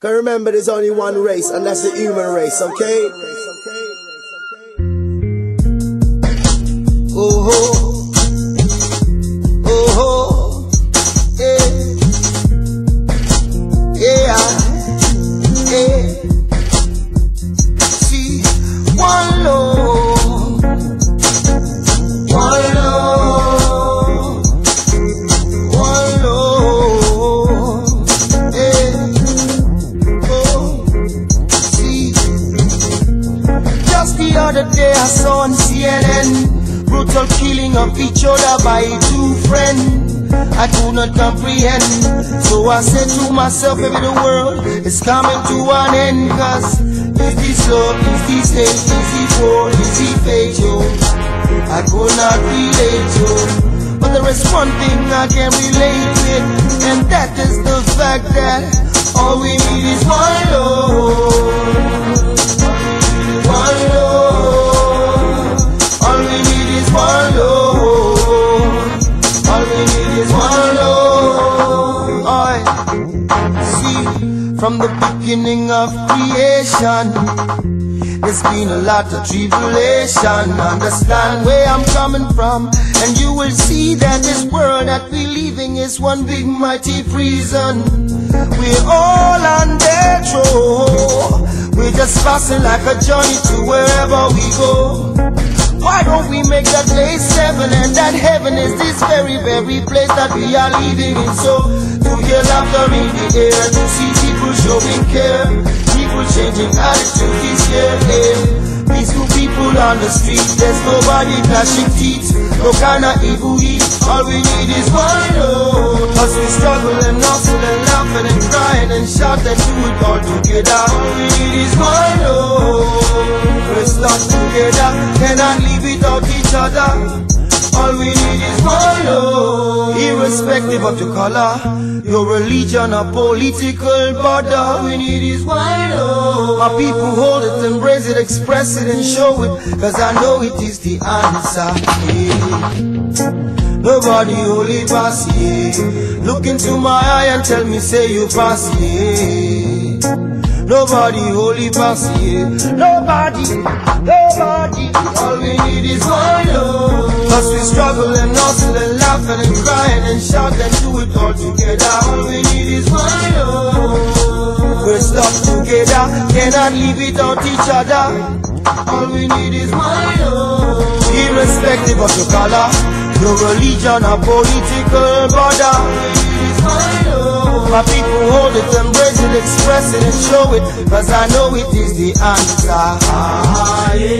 Cause remember, there's only one race, and that's the human race, okay? the day I saw on CNN Brutal killing of each other by two friends I do not comprehend So I said to myself, maybe the world is coming to an end Cause is this love, is this hate, is this war, is this fate, yo I could not relate, yo But there is one thing I can relate with And that is the fact that all we need is one love From the beginning of creation, there's been a lot of tribulation. Understand where I'm coming from, and you will see that this world that we living is one big mighty prison. We're all on death row. We're just passing like a journey to wherever we go. Why don't we make that place heaven and that heaven is this very, very place that we are living in? So, do you love the in the air see people showing care People changing attitudes yeah, yeah Peaceful people on the street There's nobody clashing teeth No kind of evil heat All we need is one love Cause we struggle and hustle and laugh and cry and shout And do it all together All we need is one love Let's stuck together Cannot live without each other All we need is one love irrespective of your color, your religion or political border. We need is wide love. My people hold it, embrace it, express it, and show it, cause I know it is the answer. Nobody only pass, yeah. Look into my eye and tell me, say you pass, yeah. Nobody holy pass, yeah. Nobody, nobody. All we need is one love. 'Cause we struggling, and laughing and crying and shout and do it all together. All we need is one love. We're stuck together, cannot live without each other. All we need is one love. Irrespective of your color, your religion or political border. All we need is one love. My people hold it, embrace it, express it and show it. Cause I know it is the answer. yeah.